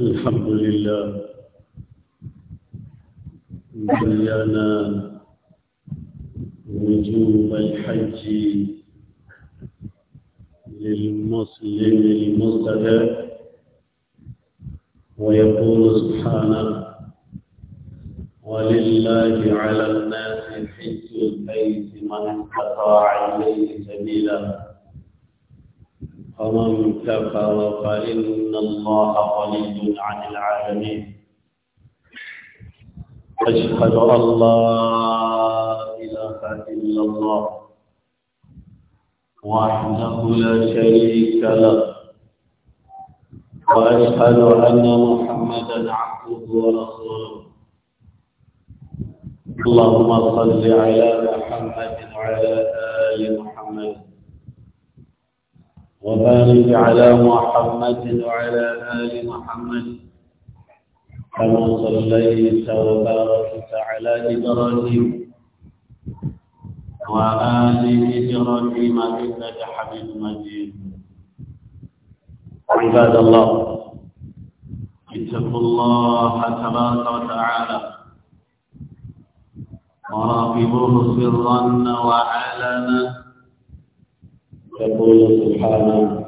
الحمد لله بينا وجوب الحج للمسلم المستدر ويقول سبحانه ولله على الناس حج البيت من قطع اليه سبيلا فمن كفر فإن الله قليل عن العالمين أشهد أن لا إله إلا الله وحده لا شريك له وأشهد أن محمدا عبده ورسوله اللهم صل على محمد وعلى آل محمد وبارك على محمد وعلى آل محمد كما صليت وباركت على إبراهيم وآل إبراهيم إنك حميد مجيد عباد الله اتقوا الله تبارك وتعالى وراقبوه سرا وعلنا يقول سبحانه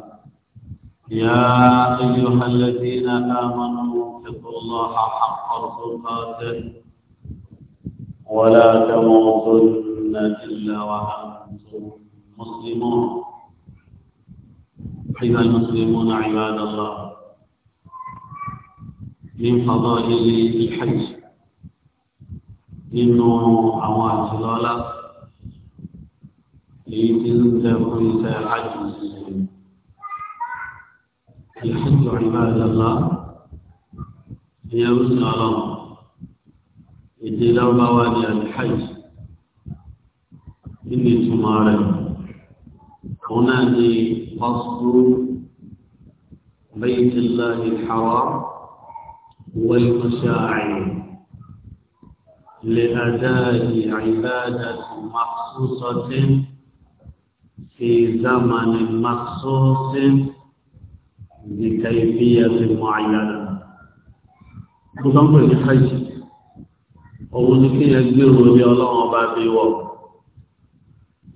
يا أيها الذين آمنوا اتقوا الله حق تقاته ولا تموتن إلا وأنتم مسلمون أيها المسلمون عباد الله من فضائل الحج إنه أوان صلالة لتلك كنت عجزا الحج عباد الله هي وسع الله إذا لو بواني الحج إني تمارا هنا فصل بيت الله الحرام والمشاعر لأداء عبادة مخصوصة في زمن مخصوص بكيفية معينة Gbogbo ní hajj, òun ni kí yẹn gbé òní ọlọ́run ọba bí wọ̀,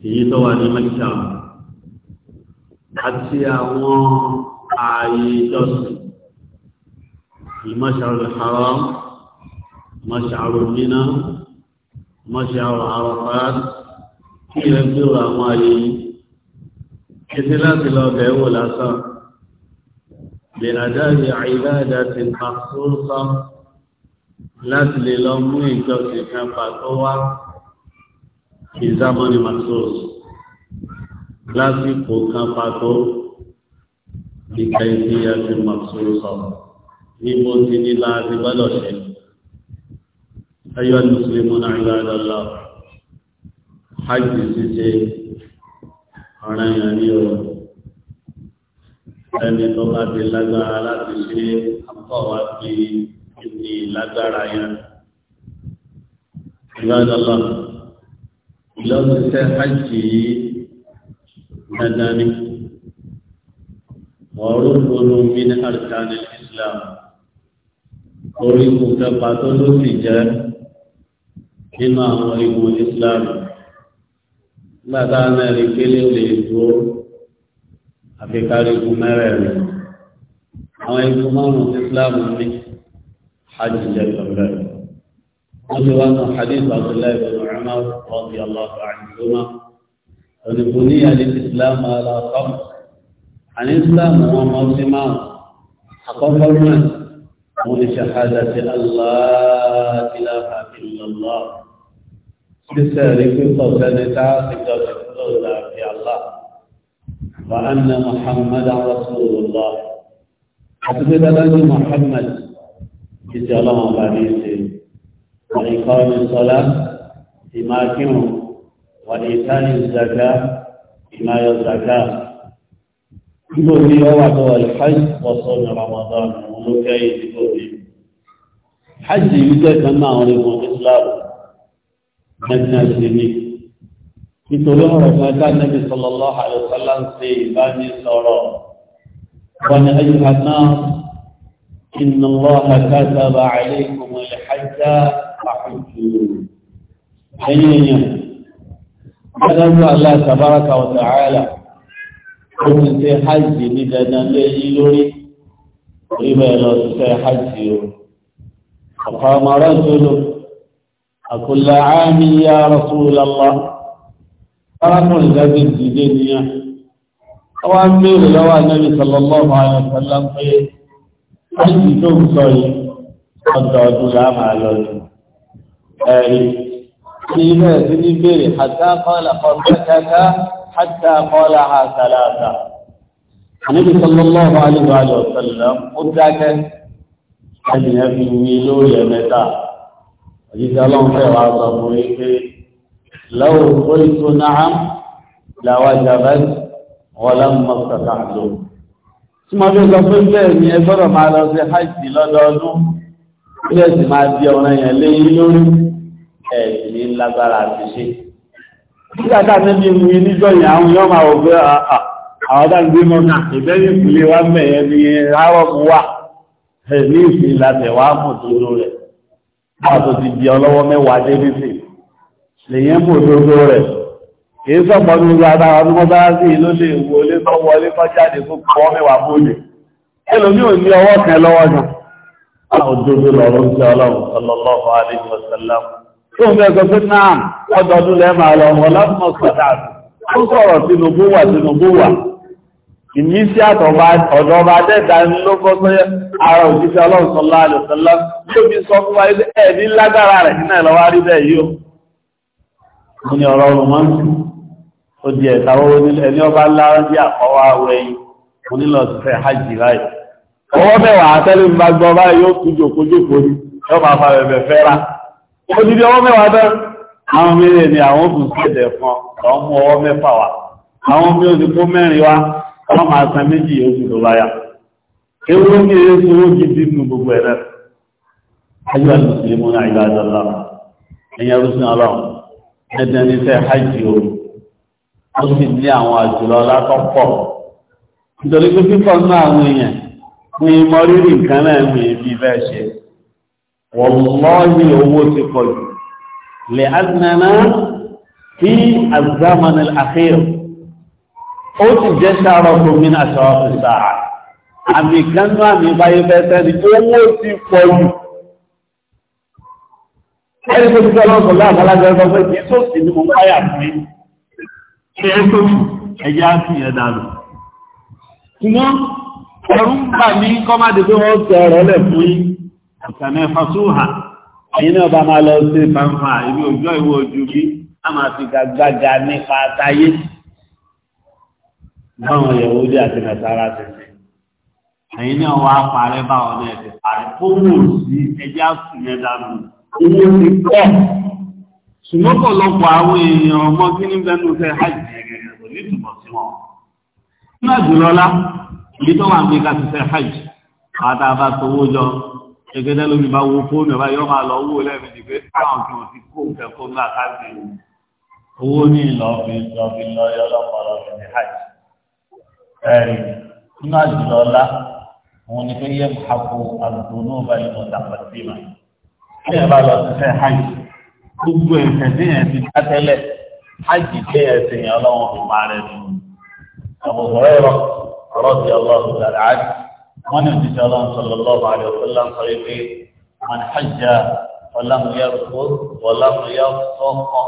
èyí tó wà ní Mẹ́kà, àti àwọn ààyè ìjọsìn, المشعر الحرام, مشعر المنى, مشعر عرفات, kí yẹn gbé òní àwọn ààyè yìí. Títí láti lọ bẹ̀ wò lásán. Lè àdáyé àìdáàdá ti pa sóńsọ́ láti lè lọ mú ìjọsìn kan pàtó wá kí zámọ́ni Masos lásìkò kan pàtó ìka ìdíyà ti Masos ní mo ti ní láti gbọ́dọ̀ ṣe. Ayọ́ ni Mùsùlùmí náà ń gbàdọ̀ lọ. Hajj ṣíṣe ọ̀ràn yàn ní o ẹni tó bá ti lágbára láti ṣe akọ́ wa ti ní lágbára yẹn. ìbádọ́lá ìlọ́síṣẹ́ àjì yìí dandan ni ọ̀rọ̀ gbọ́dọ̀ mi ní àrùkánì Islam orí kò kẹfà tó ló sì jẹ́ nínú àwọn ìwò Islam gbàdá mẹ́rin kélé lè dúró àfi kárí ikú mẹ́rẹ̀ẹ̀rin àwọn ikú márùn-ún Islam ní hajj jẹ́ pẹ̀lú wọ́n ti wá kan hadith abdullahi bin Umar radiyallahu anhuma òní kò ní àlè Islam aláàkọ́m àní Islam wọn mọ́ sí márùn àkọ́kọ́ náà wọ́n ti ṣe hajj àti Allah ilaha illallah بسالك قولنا تعاقد بقولنا في الله وان محمدا رسول الله حفظ لنا محمد في الله عليه وإقام الصلاة بما كنوا وإيتاء الزكاة بما يزكى كل في وعد الحج وصوم رمضان ملوك أي حج يجب أن نعلم الإسلام dandan sí ni nítorí ọ̀rọ̀ gbàgbà nàbì sallallahu alaihi wasallam ń ṣe ìbánisọ̀rọ̀ wọn ni ayuha náà inna Allaha kataba alaykumul hajja fahujju ẹ̀yìn èèyàn gbàdájú Allah tabaraka wa ta'ala ó ti ṣe hajj ní dandan ọ̀pọ̀ ọmọ tó lò àkùlà ámì yá rọ̀súlọ́lá arákùnrin dájú ìdíje nìyà ọwá ń bèèrè lọ́wọ́ àjẹ́bí sallallahu alaihi wasallam pé láti tó ń sọ yìí ọ̀dọ̀ ọdún láàmà lọ́dún ẹ̀rí tí ilé ẹ̀sí ní bèèrè hatta qala qarbataka hatta qalaha salasa àníbi sallallahu alaihi wasallam ó dákẹ́ ẹ̀dìyàn fi wí lórí ẹ̀mẹ́ta Òjíṣẹ́ ọlọ́run fẹ́ wá sọ fún yí pé lọ́wọ́ kóìtò náà làwọn ìjàmbá wọn lọ́mọ kàkà lò. Tí mo fi sọ pé bẹ́ẹ̀ ni ẹ gbọ́dọ̀ máa lọ sí hajj lọ́dọọdún, bí ẹ sì máa di ọ̀ràn yẹn léyìn lórí ẹ̀ ní lágbára àti ṣe. Nígbà tá a ní bí mu níjọ́ yẹn àwọn yóò máa wò pé àwọn tá a ń gbé mọ́ náà ìbẹ́yìn ìpìlẹ̀ wa mẹ́yẹ ni ráwọ̀ wà ní ìpìlẹ̀ àtẹ̀wá mọ̀ tó rẹ̀ bá tó ti di ọlọ́wọ́ mẹ́wàá dé nísì lèyẹn bò gbogbo rẹ̀ kìí sọ̀pọ̀ ní gbogbo adára ní wọ́n sára sí ìlú lè wo lé tó wọlé tó jáde tó kọ́ mẹ́wàá bóde ẹlòmí ò ní ọwọ́ kan lọ́wọ́ kan àwọn òdodo lọ́rọ̀ ń jẹ́ ọlọ́run sallallahu alaihi wasallam ìmísí ọ̀dọ̀ ọba dẹ́ta ló kọ́ sọ́yẹ́ ara òjíṣẹ́ ọlọ́run sọ́lá àlùsọ́lá tí ó fi sọ fún wáyé ẹ̀ ní lágbára rẹ̀ nínú ẹ̀lọ́wà rí bẹ́ẹ̀ yíò mú ní ọ̀rọ̀ ọ̀rùn mọ́ ó di ẹ̀ta owó ẹni ọba lára bí àkọwà wẹ̀yìn onílọ̀ ti fẹ́ hajj láì ọwọ́ mẹ́wàá tẹ́lẹ̀ ń bá gbọ́ báyìí yóò tún jòkó jòkó ni yóò máa wọ́n máa san méjì oṣù tó láyà ewúrẹ́ ní eré tí ó gidi nínú gbogbo ẹ̀rẹ́ ayé wa lùsìlẹ̀ mú náà ìlàjà lọ ẹ̀yìn arúgbó ọlọ́run ẹ̀dẹ̀ ní fẹ́ hajj o ó sì ní àwọn àjùlọ látọ́pọ̀ nítorí pé pípọ̀ nínú àwọn èèyàn ní ìmọ̀ rírì nǹkan náà ń bí bẹ́ẹ̀ ṣe wọ́n owó ti pọ̀ jù lè adìnnà náà fi àzámanil àfihàn ó sì jẹ́ sáàrọ̀ gómìn àṣọ ọ̀sà àmì kanú àmì báyé fẹ́fẹ́ ni owó ti pọ̀ jù ẹni tó ti fẹ́ lọ́sọ̀ láàbá lágbẹ́ ọgbọ́n pé kí tó sì ní mo káyà fún mi ṣe é tó ẹjẹ́ á sì yẹn dànù ṣùgbọ́n ẹ̀rù ń bà mí kọ́ má dé pé báwọn yahudi àti nasara ti ṣe ẹ̀yin náà wá parẹ́ báwọn náà ti parẹ́ ó mú sí ẹjẹ́ àsùnmẹ́ dànù owó ti pọ̀ ṣùgbọ́n pọ̀lọpọ̀ àwọn èèyàn ọmọ kí ní bẹ́nu fẹ́ hajj gẹ̀gẹ̀ kò ní túbọ̀ sí wọn nínú àjùlọ́lá èyí tó wà ní ká ti fẹ́ hajj àwọn tá a bá sowó jọ ẹgbẹ́dẹ́ lómi bá wo fóònù ẹ̀ bá yọ máa lọ owó lẹ́ẹ̀mejì pé táwọn kí wọ́n ti kó nǹkan kó ńlá káàkiri owó ní ìlọ́ọ̀fin lọ́ọ̀fin lọ́yọ́ lọ́pọ̀ lọ́ọ̀fin ní hajj ẹ̀rí nínú àjùlọ ọlá òun ni pé yẹ àpò àdùnnú ọba ìlú ọ̀dàpàtìmà kí ẹ bá lọ síṣẹ́ hajj gbogbo ẹ̀sẹ̀ tí yẹn ti dá tẹ́lẹ̀ hajj jẹ́ ẹ̀sìn yẹn ọlọ́run fi máa rẹ̀ nù. àbùkù rẹ̀ rọ ọ̀rọ̀ ti ọlọ́run gbàdá hajj wọ́n ní òjijì ọlọ́run sọ̀rọ̀ lọ́wọ́ àlẹ́ òkúlá ń sọ pé man hajja ọlọ́run yẹ kó ọlọ́run yẹ kó ọkọ̀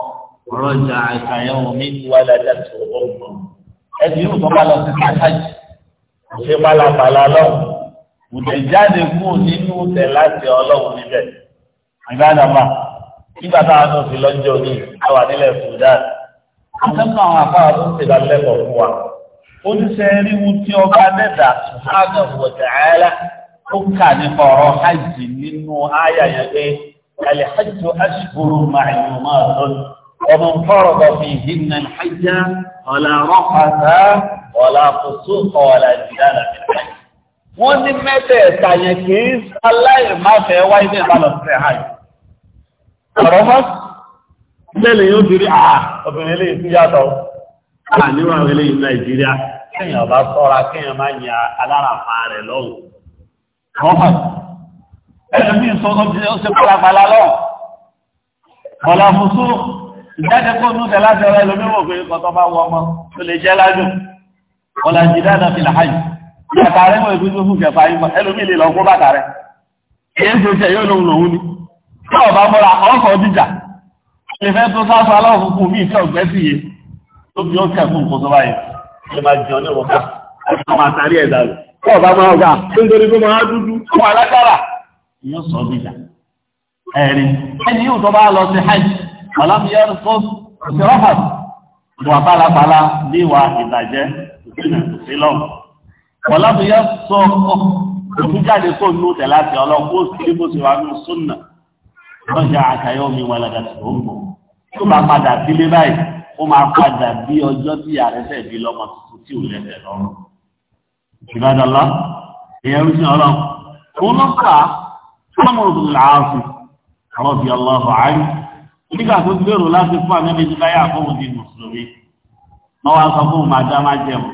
rọjà ẹbí yóò tó bá lọ sí kájájì ṣe pálapàla lọ́wọ́ òtẹ̀jáde kúrò nínú tẹ̀ láti ọlọ́run níbẹ̀ ìgbàdàmà nígbà táwọn náà fi lọ́jọ́ ní àwà nílẹ̀ Sudan akẹ́kọ̀ọ́ àwọn afárá tó ń ṣe ìdánilẹ́kọ̀ọ́ fún wa ó ti ṣe ríwu tí ọba dẹ́dà ṣáàgà wọ̀tẹ̀ ààlà ó kà nípa ọ̀rọ̀ hajj nínú áyà pé alẹ́ hajj ashkuru màáyùmá lọ́nà. ومن فرض فيهن الحج ولا رفث ولا فسوق ولا جدال في الحج wọ́n ní mẹ́tẹ̀ẹ̀ta yẹn kì í aláìmáfẹ́ wáyé ní ìbálò sí àì ọ̀rọ̀ mọ́ lẹ́lẹ̀ yóò dirí àà obìnrin lè fi yàtọ̀ àà níwà wẹ́lẹ̀ yìí nàìjíríà kéèyàn bá sọ́ra kéèyàn máa ń ya aláràfà rẹ̀ lọ́wọ́ ọ̀hún ẹ̀mí ìsọ́kọ́ ti ó ṣe kọ́lápàá lọ́wọ́ ọ̀làfọ́sọ́ ìjáde kó nù tẹ láti ọ̀rẹ́ lómi wò pé kọ́tọ́ bá wọ ọmọ tó lè jẹ́ ládùn ọ̀là jìdá náà fi làájì bàtà rẹ̀ wọ̀ ìbújú fún yìí mọ̀ ẹlòmí lè bàtà rẹ̀ èyí ń sèṣẹ́ yóò lòun lòun ni tí mọ́ra ọkọ̀ jíjà tó ìfẹ́ ọ̀gbẹ́ alámiyẹ́rù tó ṣèrọ́pọ̀ ìwà pálapàla ní ìwà ìbàjẹ́ ìpínlẹ̀ ìsílọ̀ ọ̀làmiyẹ́ sọ òfin jáde kó nù tẹ̀ láti ọlọ́kú sí bó ṣe wà ní súnà lọ́jà àkàyọ́ mi wà lọ́jà tó ń bọ̀ tó bá padà sílé báyìí ó máa padà bí ọjọ́ tí àrẹ́fẹ́ bí lọ́mọ tuntun tí ò lẹ́fẹ̀ lọ́rùn ìbádọ́lá èèyàn ń sin ọlọ́run òun ló fà á tó mọ̀ ọ́ nígbà tó gbèrò láti fún àmẹ́bí ti láyé àfọ́wò di mùsùlùmí wọ́n wá sọ fún màdá má jẹun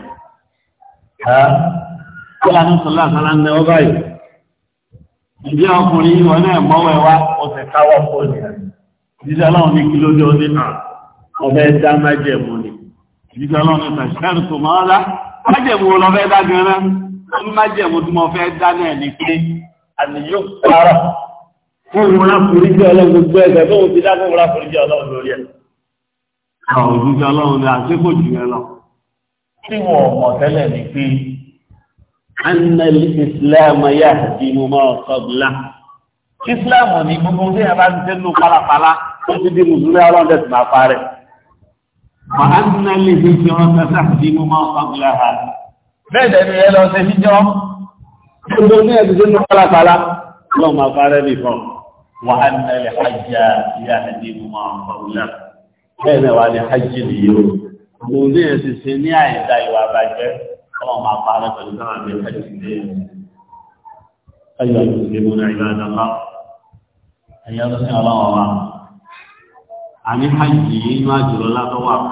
kílánú sọlá sọlá ń náwó báyìí ìdí ọkùnrin ìwọ náà mọ́wọ́ ẹ wá ọ̀sẹ̀ káwọ́ fóònù ìdíjẹ́ ọlọ́run ní kí lójú ọdún náà ọbẹ̀ dá má jẹun ni ìdíjẹ́ ọlọ́run ní tàṣẹ́rù tó máa ń lá jẹun wọn lọ́fẹ́ dá gan-an má jẹun tí mo fẹ́ dá náà ní pé àníyó fún ìmúra foríjì ọlọ́run gbogbo ẹgbẹ́ tó ń ti dá fún ìmúra foríjì ọlọ́run lórí ẹ̀. àwọn òjíṣẹ́ ọlọ́run ní àṣekò jù ẹ lọ. tí wọn ò mọ̀ tẹ́lẹ̀ ní pé anna islam yà di mo máa sọ́gbìlá. islam gbogbo ní ẹ̀rọ ti tẹ́lú pálapàla tó ti di mùsùlùmí ọlọ́run tẹ̀sí وأن لحج يهدي ما أمر كان وأن حج اليوم بوزية السنية داي وابجة وما قالت الزمان بالحج اليوم أيها المسلمون عباد الله أيها الله الله الله عن ما جل الله دواك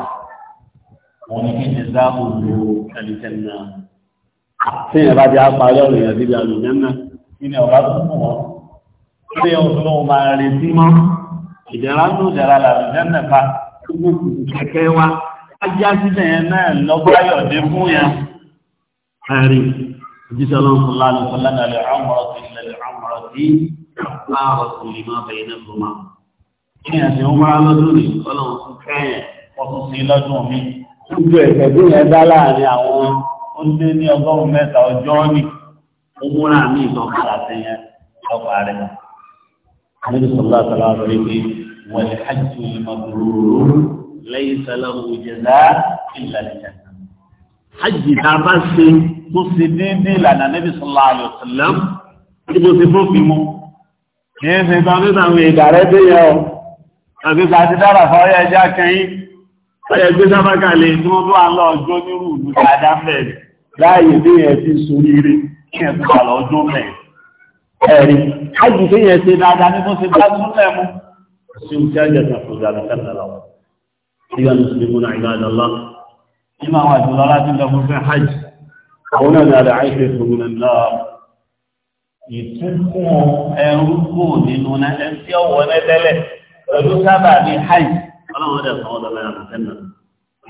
ومكين الزابه كالجنة سين بعد يعطى يا ذيب يا ذيب يا ذيب يا ذيب يا ذيب يا ذيب يا ذيب يا ذيب يا ذيب يا ذيب يا ذيب يا ذيب يا ذيب يا ذيب يا ذيب يا ذيب يا pé ọlọ́run máa retí mọ́ ìdára tó dára làbí jẹ́nẹ̀fà gbogbo kẹ̀kẹ́ wa ajá sílẹ̀ yẹn náà lọ́gbáyọ̀dé fún yẹn. ẹ̀rí ojúṣe ọlọ́run fún lánàá fún lánàá lè ọmọrọ̀ sí ilẹ̀ lè ọmọrọ̀ sí láàrọ̀ sí lè má bẹ̀yẹ̀ náà fún ma. kí ẹ̀ ṣe ń wá lọ́dún rè ọlọ́run fún kẹ́yìn wọ́n sí lọ́dún mi. gbogbo ẹ̀kẹ́ bí yẹn dá láàrin àwọn ó lé ní ọgọ́rùn-ún mẹ́ta ọjọ́ ní ó múra ní ìtọ́kadà sí lọ́pàá rẹ̀. النبي صلى الله عليه وسلم والحج المبرور ليس له جزاء إلا الجنة حج تابسي تصدين لنا النبي صلى الله عليه وسلم يقول تفوقهم كيف يتعلم أن يدارة يوم أبي سعدي دارة فهي جاء كين فهي جزا بكالي ثم دعا الله جوني رود وعدام لك لا يدي في سوريري كيف يتعلم أن ẹ̀rí ájì tó yẹ ṣe dáadáa ní bó ṣe bá mú lẹ́mú sí ojú ẹjẹ tó fún ìgbàlẹ̀ kẹta lọ síyá ní sinimú náà ìgbà àdàlá nínú àwọn àjùlọ láti ń dọ́gbọ́n fẹ́ hajj àwọn náà ní àdá àìsè fòmù náà náà ìtúkùn ẹrú kò nínú náà ẹni tí ọwọ́ náà tẹ́lẹ̀ pẹ̀lú sábà ní hajj ọlọ́run ọdẹ sọ ọdọ mẹ́rin àti tẹ́lẹ̀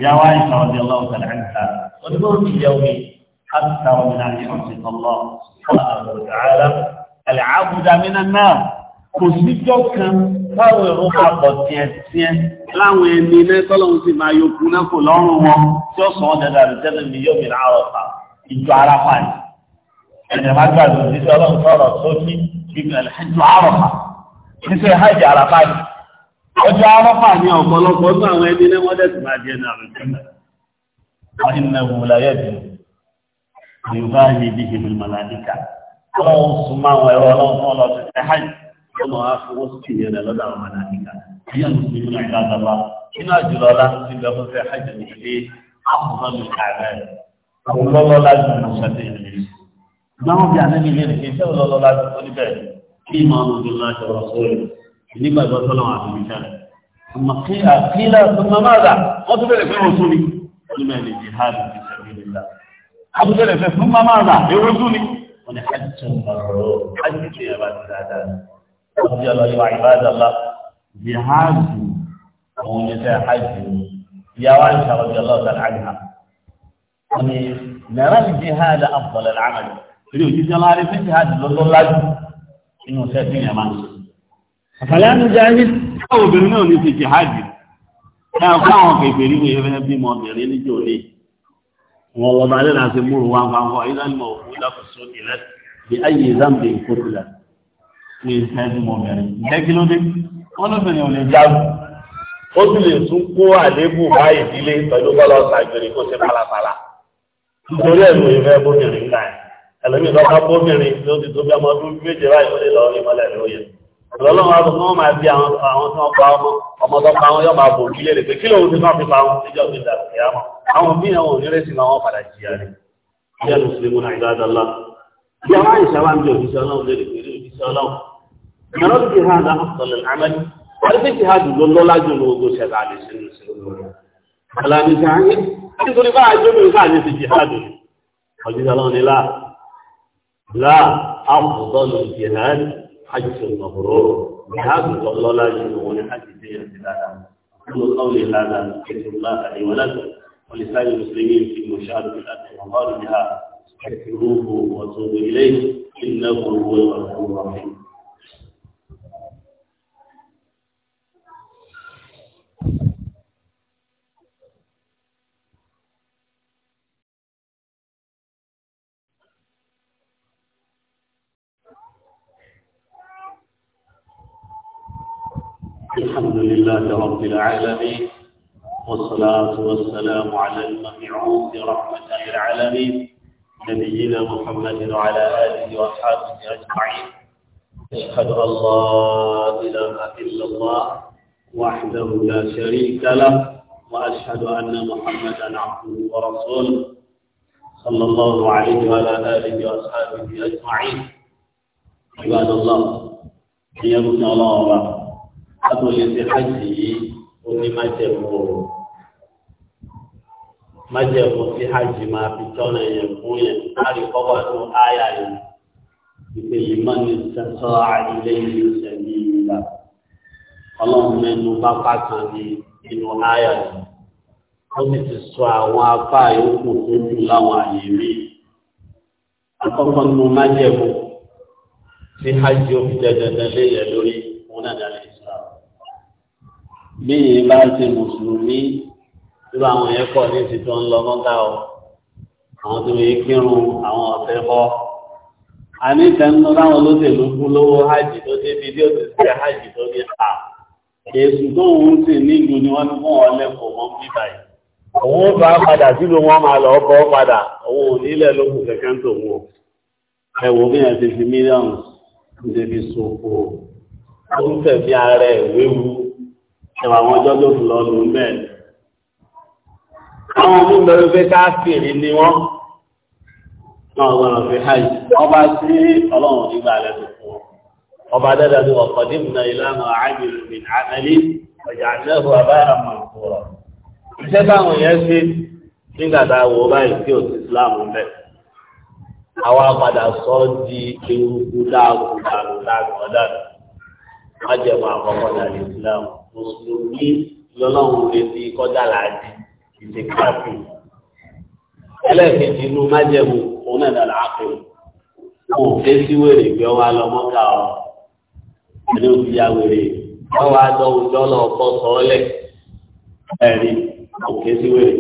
ìyá wa ìṣà ọdẹ ọlọ́run tẹ̀lé àìsà onígbòrò ìyá omi àti sáwọn ọmọ náà ní ọ̀sìn àlẹ́àbùdá mínà náà kò síjọ́ kan táwọn ẹ̀rọ papọ̀ tiẹ̀tiẹ̀ láwọn ẹni iná tọ́lọ́run sì máa yọkùn náà kò lọ́rùn wọn tí ó sọ ọ́ dẹ̀dà rẹ̀ tẹ́lẹ̀ mi yóò mìíràn àrọ̀ pa ìjọ ara pa ni ẹ̀jẹ̀ má gbàgbé òní tọ́lọ́run sọ̀rọ̀ sókí gbígbà ìjọ àrọ̀ pa níṣẹ́ hajj ara pa ni ọjọ́ àrọ̀ pa ni ọ̀pọ̀lọpọ̀ ní àwọn ẹni iná ọlọ́run sùn máa wọ ẹ̀rọ ọlọ́run fún ọlọ́run ti hajj ó mọ̀ á fowó sí ìyẹn rẹ̀ lọ́dọ̀ àwọn mọ̀nàmíkà ìyá mùsùlùmí náà ìlà àdàlá iná àjùlọ ọlá ti bẹ fún fẹ́ hajj ní ilé àkùnrin ààrẹ àwọn lọ́lọ́lá ju mọ̀ṣẹ́dé ìlú. Láwọn bí àná mi lè rìn iṣẹ́ lọ́lọ́lá ju oníbẹ̀ kí ìmọ̀ ọmọ mi máa ṣe ọ̀rọ̀ sórí nígbàgbọ́ tọ́lọ́wọ́n wọ́n ní hajj mọ̀rọ̀ hajj ṣe yàrá ti dáadáa wọ́n ti ọlọ́ ìwà ìbádàlá jihad àwọn oníṣẹ́ hajj ìyàwó àìsàn ọjọ́ ọlọ́ọ̀tà àgbà wọ́n ní nàrà jihad àbọ̀lẹ̀ làmàlẹ̀ torí òjijì ọlọ́ àrífẹ́ jihad lọ́lọ́ lájú inú iṣẹ́ tí yẹn máa ń ṣe. àfàlẹ́ àti jahil wọn wọ́n bá lẹ́la ti múrù wá wá wọ́n ilé ìmọ̀ òkú lákòóso ilẹ̀ bí ayé zambi kó tilẹ̀ ní ìfẹ́ẹ́dì mọ̀mẹ́rin jẹ́ kí ló dé wọ́n lóbìnrin ò lè jáwé ó sì lè tún kó àléébù bá ìdílé pẹ̀lú bọ́lá ọ̀sà ìgbèrè kó ṣe pálapàla nítorí ẹ̀rù ìfẹ́ bóbìnrin náà ẹlòmíì lọ́ka bóbìnrin ló ti tó bí ọmọ méje báyìí ó lè lọ rí mọ́lẹ̀ lóye. ọlọ́lọ́wọ́ bụ ọmọ máa àwọn tí wọ́n pa ọmọ ọmọ tó pa wọn yọ máa bò nílé rẹ̀ pé kí lóòrùn tí wọ́n fi pa wọn حج مبرور بهذا الله لا يجوز حج زين هذا كل قول هذا ذكر الله لي ولكم ولسائر المسلمين في مشاهدة الأرض ومغاربها استغفروه وصوب إليه إنه هو الرحمن الرحيم الحمد لله رب العالمين والصلاة والسلام على المبعوث رحمة للعالمين نبينا محمد وعلى آله وأصحابه أجمعين أشهد أن لا إله إلا الله وحده لا شريك له وأشهد أن محمدا عبده ورسوله صلى الله عليه وعلى آله وأصحابه أجمعين عباد الله يا الله kátó lè ṣe hajj yìí ó ní májẹ̀mú o májẹ̀mú tí hajj máa fi tọ́nà yẹn fún yẹn láti kọ́kọ́ tó áyà yẹn ìpè yìí má ní sẹ́sọ́ àìlẹ́ yìí sẹ́mi ìlà ọlọ́run mẹ́nu bá pàtàkì ní inú áyà yẹn ó sì ti sọ àwọn afá yòókù tó jù láwọn àyè mi àkọ́kọ́ nínú májẹ̀mú tí hajj ó fi dandan lé yẹn lórí bí yìí bá ń ṣe mùsùlùmí irú àwọn yẹn kọ ní ti tó ń lọ mọ́gà o àwọn tó yẹ kírun àwọn ọ̀sẹ̀ bọ́ àní tẹnu láwọn olóṣèlú kú lówó hajj tó débi bí ó ti ṣe hajj tó ní à èsù tó ń sìn nílùú ni wọ́n ní fún wọn lẹ́kọ̀ọ́ mọ́ bíbá yìí òun bá padà sílùú wọn máa lọ bọ́ padà òun ò nílẹ̀ lókun kẹ̀kẹ́ ń tòun o ẹ wo bí yẹn ti fi mílíọ̀nù ń débi sòfò ó ń tẹ̀mí ara ẹ̀ wéwu ẹwà àwọn ọjọ́ tó fún lọ́lù ń bẹ́ẹ̀ ni. àwọn ọmọ ìbẹ̀rù pé káfíìrì ni wọ́n náà gbọ́dọ̀ fi hajj ọba tí ọlọ́run nígbà lẹ́nu fún wọn. ọba dẹ́dẹ́ tó ọkọ̀ dìbò náà ìlànà àjèjì min ọjà àjẹ́fù abáyà mọ̀nkúrọ̀. iṣẹ́ táwọn mùsùlùmí lọ́lọ́run lè fi kọjá làádì ìsèkáàfì ẹlẹ́ẹ̀kejì inú májẹ̀mú òun náà dàda àpè wọn ò fẹ́ sí wèrè gbé wa lọ mọ́ta ọ ẹni ò fi ya wèrè wọn wá dọ́wọ́ jọ́lọ́ ọkọ sọ́ọ́lẹ̀ ẹ̀rí wọn ò fẹ́ sí wèrè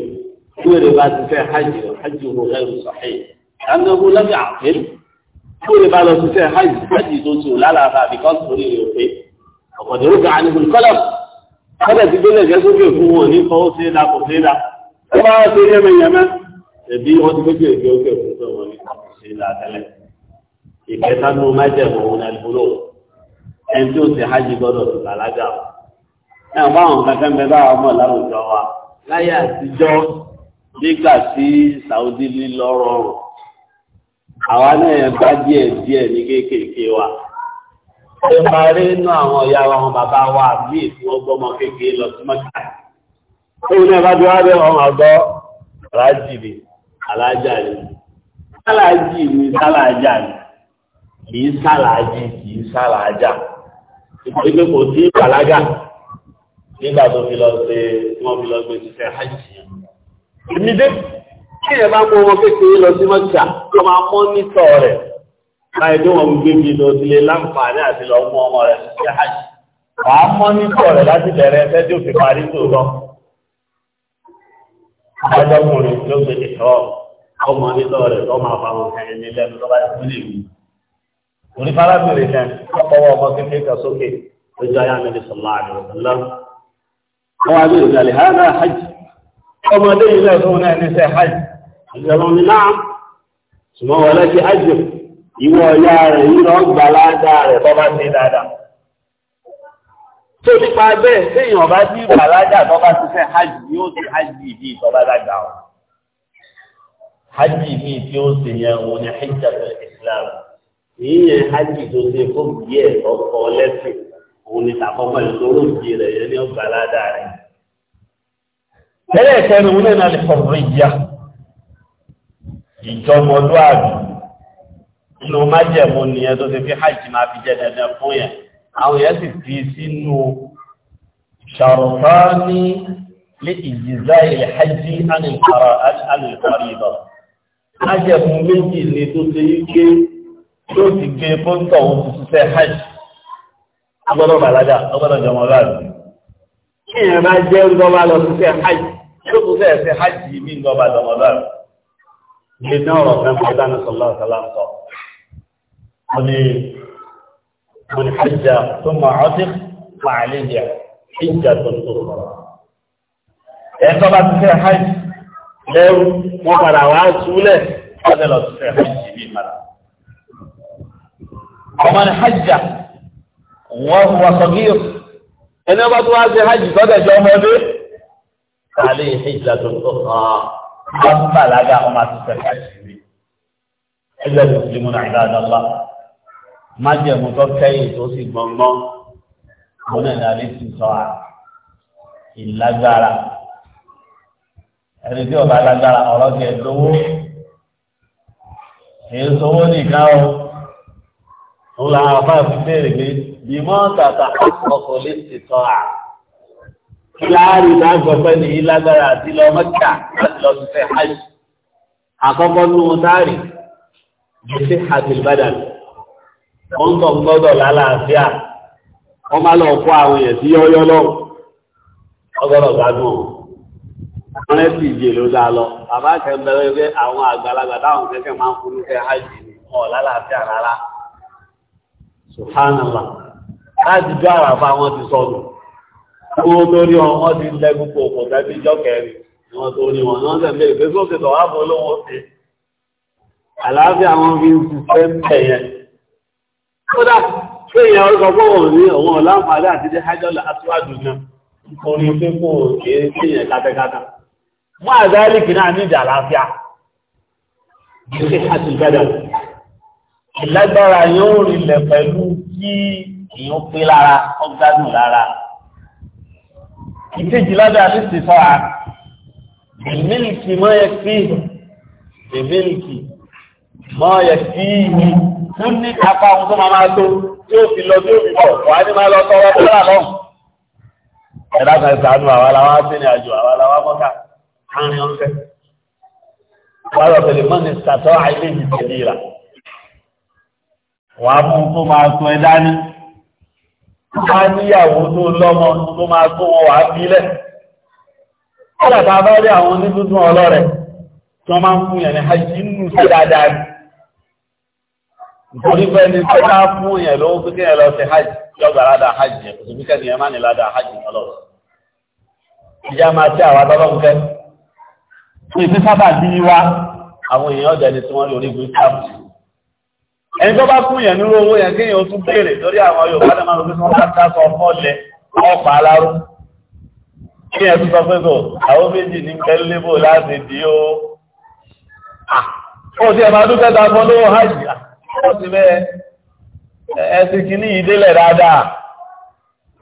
tí wèrè bá ti fẹ́ hajj hajj wo ẹrù sọ̀hìn ẹnìkan lọ́jà àpè tí wèrè bá lọ sí fẹ́ hajj hajj tó ti wò lálàáfà bíkọ́sì orí rẹ̀ pé ọ̀pọ̀ ọ̀dẹ̀ ti gbélé jẹ́ sókè fún wọn ní kọ́ ó ṣe é dá kò ṣe é dá ẹ bá wá ṣe yẹ́mẹ yẹ́mẹ́ ẹ̀bí wọ́n ti gbégbé ìgbé òkè fún tó wọn ní kò ṣe é dá tẹ́lẹ̀ ìkẹta ní wọn májẹ̀ wọn wọn náà lò ẹni tí ó ti hajj gbọ́dọ̀ ti bàlágà o náà bá àwọn kankan ń bẹ bá ọmọ láwùjọ wa láyé àtijọ́ nígbà tí Saudi lílọ́rọ̀ọ̀rùn àwa náà bá díẹ̀ díẹ̀ ní kéékèèké wa. Ìpa rí inú àwọn ọ̀yà àwọn bàbá wa bí ìfún ọgbọ́mọ kékeré lọ sí mọ́ta. Tóun náà bá dúró rẹ̀ ọmọ ọ̀dọ́ rájìlì, alájà ni. Sálàájì ni sálàájà ni. Kìí sálàájì kìí sálàájà. Ìpò ìgbé kò sí ìpàlágà nígbà tó fi lọ sí wọ́n fi lọ gbé ṣiṣẹ́ hajj. Ìmídé, kí ẹ bá mú ọmọ kékeré lọ sí mọ́ta, ọmọ amọ́ nítọ̀ rẹ̀ báyìí tó wọn gbé mi lọ sílé láǹfààní àti lọ mú ọmọ rẹ sí hajj wà á mọ nítọ rẹ láti bẹ̀rẹ̀ ẹsẹ̀ tí ó fi parí tó lọ adájọkùnrin ló ṣe lè tọ ọmọ nítọ rẹ tó máa fa àwọn kẹrin ní lẹ́nu tó bá ti lè wí orí farabirin náà ọkọwọ ọmọ kékeré kan sókè lójú ayé àmì sọlá àmì ọsọlá wọn wá lóye ìgbàlè ha náà hajj ọmọdé yìí lẹ́sùn náà ní sẹ́ hajj ìjọba mi náà ṣùgbọ́n wọlé ti hajj ìwọ ọ̀yá rẹ̀ yìí lọ gbà ládàá rẹ̀ bọ́ bá ní dáadáa. tó nípa bẹ́ẹ̀ séèyàn bá ní bàlájà tó bá ti fẹ́ hajj yóò ti hajj ìdí ìtọ́ba dàgbà wọn. hajj mi tí ó sì yẹn òun ni hijjatul islam èyí yẹn hajj tó ṣe fún díẹ̀ ọkọ̀ lẹ́sìn òun ni tàkọ́kọ́ ìṣòro ìdí rẹ̀ yẹn ní ọgbà ládàá rẹ̀. ẹlẹ́ẹ̀kẹ́ni wọn náà lè fọ̀rọ̀ ìjà ìjọmọdún àdùn inú májẹ̀mú nìyẹn tó ti fi hajj máa fi jẹ́ dandan fún yẹn àwọn yẹn sì fi sínú ṣàrùfáàní lé ìjìzá ilẹ̀ hajj anìkọ̀rọ̀ anìkọ̀rìbọ̀ májẹ̀mú méjì ni tó ṣe yí pé tó ti gbé pọ́ńtọ̀ òun ti ṣiṣẹ́ hajj agbọ́dọ̀ bàlágà ọgbọ́dọ̀ jọmọ láàrin kí ẹ̀ máa jẹ́ ńgọ́bà lọ ṣiṣẹ́ hajj yóò tún fẹ́ ṣe hajj mí ńgọ́bà jọmọ láàrin. Gbẹ̀dán ọ̀rọ̀ fẹ́ mọ́ ìdánisọ̀lá ọ̀sán láǹtọ̀. يعني من حج ثم عتق فعليه حجة أخرى إذا إيه ما في حج لو مبرع وصولة هذا لا في حج مرة ومن حج وهو صغير إن ما هذا حج قد جمعه فعليه حجة أخرى أما لا جاء ما في حج إلا المسلمون عباد الله májẹ̀mú tó kẹ́yìn tó sì gbọngbọ́n òun náà dàbí ti sọ à ìlágbára ẹni tí ọba lágbára ọ̀rọ̀ tiẹ̀ lówó èyí sọwọ́ nìkan o òun làwọn afá fi béèrè pé bímọ tàtà ọkọ̀ lè ti sọ à kí láàrin náà gbọ́ ní ìlágbára àti lọ mọ́kà láti lọ sí fẹ́ hajj àkọ́kọ́ nù táàrí gbèsè hajj ìbàdàn ó ń tọ̀ gbọ́dọ̀ lálàáfíà wọ́n má lọ kó àwọn èèyàn sí yọ́yọ́ lọ́wọ́ ọgọ́dọ̀ gbádùn wọn rẹ̀ sì jè ló dáa lọ bàbá kẹ́ńbẹ̀rẹ̀ pé àwọn àgbàlagbà táwọn kẹ́kẹ́ máa ń fún ní hajj ní ọ̀ lálàáfíà rárá subhanallah láti jọ àràfà wọn ti sọnù wọn tó rí wọn wọn ti lẹ gbogbo òkò tẹbí jọ kẹrin wọn tó rí wọn wọn tẹ̀lé ìgbésókè tọ̀wá bọ́ lówó ṣe àlàáfíà wọn fi ń ṣiṣẹ́ ń bẹ̀yẹn kódà kéèyàn ọ̀sọ̀ fóòrùn ní ọ̀wọ́n ọ̀láǹfààdé àti jẹ́ hajjọ́lá aṣíwájú náà nítorí pé fóòrùn kéré kéèyàn kátẹ́kátá wọ́n àdáyálì kì náà ní ìjà àlàáfíà ṣe àti ìgbàdà ìlágbára yóò rinlẹ̀ pẹ̀lú kí èèyàn pé lára ọgbádùn lára ìkejì lábẹ́ àlìsí fara ìmílìkì mọ́ yẹ kí ìmílìkì mọ́ yẹ kí ìmílìkì ó ní apá ohun tó máa máa tó tí ó fi lọ tí ó fi bọ̀ wà ní máa lọ tọrọ tọ́lá lọ́hùn. ẹ̀dá kan ṣàánú àwa làwọn abẹ́ni àjò àwa làwọn mọ́ta àárín ọ̀fẹ́. wàá lọ́ọ̀tẹ̀lẹ̀ mọ́ni sàtọ́ àìlè ìṣẹ̀lẹ̀ ìlà. wàá mú tó máa tó ẹ dání. wá níyàwó tó lọ́mọ tó máa tó wọn wàá bílẹ̀. kọ́lá tá bá rí àwọn onídùúdùn ọlọ́rẹ̀ tí wọ́n máa ń fún yẹn ní hajj nítorí pé ní tó bá fún yẹn lówó pé kéèyàn lọ sí hajj yọgbà ládà hajj yẹn kò sí pé kẹ́ni yẹn má ní ládà hajj yẹn lọ. ìjà máa tẹ àwọn abọ́lọ́mù fẹ́. fún ìpín sábà bí wá àwọn èèyàn ọ̀dọ̀ ẹni tí wọ́n lè orígun sáàbù. ẹni tó bá fún yẹn nírú owó yẹn kéèyàn ó tún béèrè lórí àwọn Yorùbá náà máa ń sọ pé kò àwọn méjì ní kẹ́lẹ́bò láti di ó. ó wọ́n ti bẹ́ẹ̀ ẹsì kìíní yìí délẹ̀ dáadáa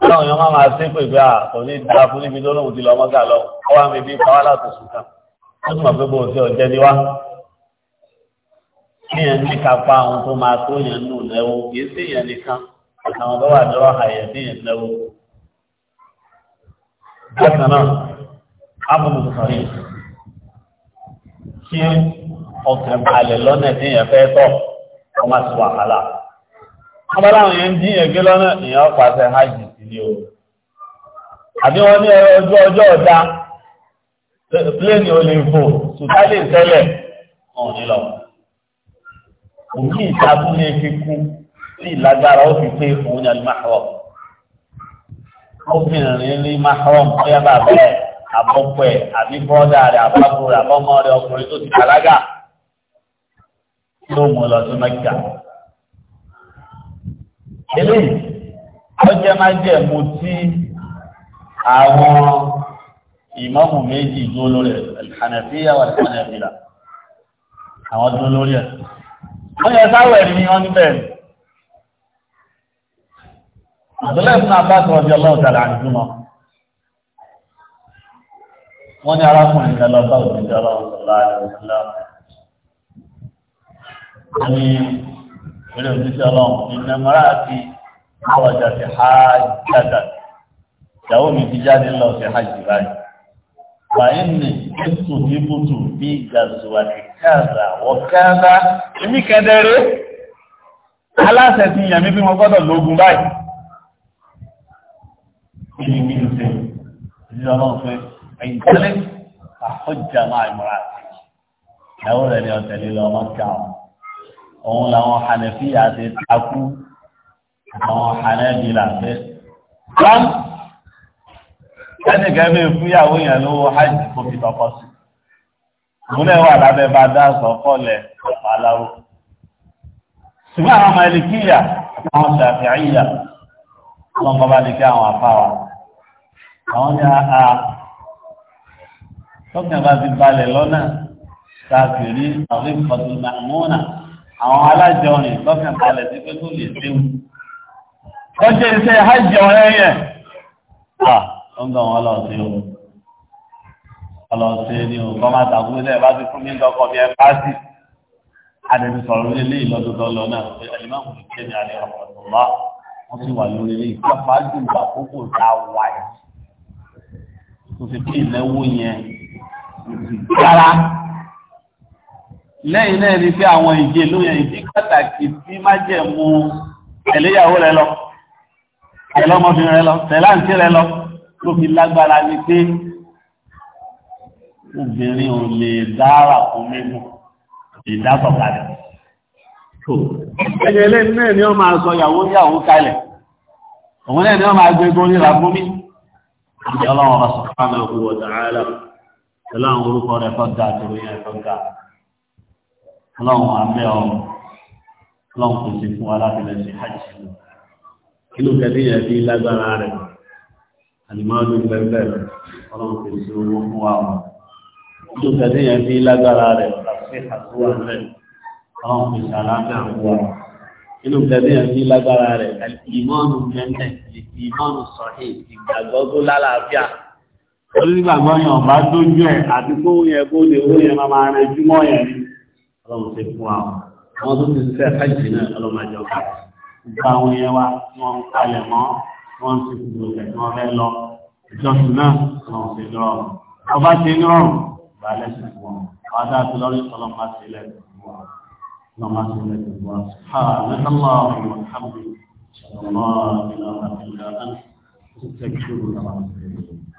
láwọn èèyàn máa máa sí pé pé kò ní dáa fún níbi tó lóhùn ti lọ mọ́gà lọ ọwọ́ mi bí pàwọ́ láti sùkà wọ́n tún mọ̀ pé bó ọ̀jẹ́ ni wá kíyàn ní kápá àwọn tó máa tó yàn nù lẹ́wọ́ kìí sí yàn nìkan àwọn tó wà lọ́wọ́ àyẹ̀ sí yàn lẹ́wọ́. bákan náà ábùkù sọ̀rí kí ọkàn balẹ̀ lọ́nà tí yàn fẹ́ tọ̀ wọ́n má wàhálà wọ́n yẹn ń jíyàn lọ́nà èèyàn pàṣẹ hajj sí o àbí wọ́n ní ọjọ́ ọjọ́ ọ̀dá pléènì ò lè tẹ́lẹ̀ ọ̀hún nílọ òbí ìtàkùnlé kíkú sí ìlágbára ó fi pé òun ní alimáhọ́ obìnrin ní mahrom bóyá bàbá ẹ̀ àbọ̀pọ̀ ẹ̀ àbí bọ́dà rẹ̀ àbábọ̀ rẹ̀ àbọ̀mọ́ rẹ̀ ọkùnrin tó ti bàlágà yóò mú lọ sí mẹ́kà. eléyìí ọjọ́ máa jẹ́ mu tí àwọn ìmáàmù méjì dúró lórí Al-Hanafiya wà Al-Hanabila àwọn dúró lórí ẹ̀. wọ́n yẹ sáwẹ̀ ní wọ́n níbẹ̀ Abdullahi ibn Abbas radiyallahu ta'ala anhuma wọ́n ní arákùnrin lọ́lọ́bá òjijì ọlọ́run sọ̀rọ̀ àìsàn ní ìrìn òṣìṣẹ́ ọlọ́run ìrìn mọ́ra àti àwọ̀jà ti ha jáda ìyàwó mi ti jáde lọ sí hajj báyìí wàyí ni ètò ìbùtù bí gàzùwà ti káàdà wọ káàdà èmi kẹdẹrẹ aláṣẹ ti yàn mí bí mo gbọ́dọ̀ lógun báyìí kí ni kí n ṣe ìṣẹ́ ọlọ́run pé ẹ̀yìn tẹ́lẹ̀ àkọjà máa ìmọ̀ra àti ìyàwó rẹ̀ ni ọ̀tẹ̀lẹ̀ lọ́mọ káwọn òun làwọn hànàfíà ti takú àwọn hànàbílà fẹ́. Wọ́n ẹnìkan bí fúyàwó yẹn lówó hajj kó fi tọkọ sí. Ìmúlẹ̀ wà lábẹ́ bá dá sọ́kọ̀lẹ̀ ọ̀pá aláwọ̀. Ṣùgbọ́n àwọn Màlìkíyà, àwọn Ṣàfíìyà, wọ́n kọ́ bá ní kí àwọn afá wa. Àwọn ní a tọ́kàn bá ti balẹ̀ lọ́nà, ṣàfìrí, àwọn ìfọ̀tún màmúnà àwọn alájọrin lọ́kàn kalẹ̀ sí pé tó lè séwu kọjá iṣẹ́ hajj ọ̀rẹ́ yẹn à ó ń gbà wọn lọ sí o ọlọ́ọ̀sẹ̀ ni o kọ́ máa tàkùn bá ti fún mi lọ́kọ̀ bí ẹ pàṣẹ àdẹ̀bí sọ̀rọ̀ lórí ilé ìlọ́dọ̀dọ̀ lọ náà pé alimami ló kéde àlẹ́ ọ̀pọ̀lọpọ̀ wọ́n sì wà lórí ilé ìpápá jùlọ àkókò tá a wà yìí kò sì pé ìlẹ́wọ́ yẹn kò sì gbára lẹ́yìn náà ni pé àwọn ìje ló yẹ ìdí pàtàkì tí má jẹ́ mú tẹ̀léyàwó rẹ lọ tẹ̀lọ́mọbìnrin rẹ lọ tẹ̀láǹtí rẹ lọ ló fi lágbára ni pé obìnrin ò lè dára fún mímú ìdásọ̀kalẹ̀. ẹ̀yẹ lẹ́yìn náà ni wọ́n máa sọ ìyàwó níyàwó kalẹ̀ òun náà ni wọ́n máa gbé gorí ra fún mi. ìjọba wọn sọ fún àwọn ọkùnrin ọ̀dà ààlà pẹ̀lú àwọn orúkọ rẹ̀ fọ́gà àti ìròyìn rẹ̀ fọ́gà ọlọ́run abẹ́ ọ ọlọ́run kò sí fún wa láti lè ṣe hajj lọ kí ló kẹ́lé yẹn fi lágbára rẹ̀ àlùmọ́ọ́dún gbẹ́gbẹ́ rẹ̀ ọlọ́run kò sí owó fún wa ọ kí ló kẹ́lé yẹn fi lágbára rẹ̀ ọ̀làṣẹ àtúwà rẹ̀ ọlọ́run kò sí aláàbẹ̀ àwọ̀ kí ló kẹ́lé yẹn fi lágbára rẹ̀ ìmọ̀ọ́nù gbẹ́gbẹ́ ìmọ̀ọ́nù sọ̀hìn ìgbàgbọ́ tó lálàáfíà àti kó yẹn kó lè owó yẹn máa rẹ júmọ́ yẹn ní ọlọ́run ti fún àwọn àwọn tó ti fẹ́ fẹ́jì náà ọlọ́run àjọ ká gba àwọn yẹn wá wọn ń palẹ̀ mọ́ wọn ti gbogbo ẹ̀ tí wọ́n fẹ́ lọ ìjọsìn náà ọlọ́run ti rọrùn ọba ti ní rọrùn bá lẹ́sìn fún wọn àwọn tá ti lọ́rí ọlọ́run bá lẹ́sìn fún wọn ọlọ́run bá lẹ́sìn fún wọn.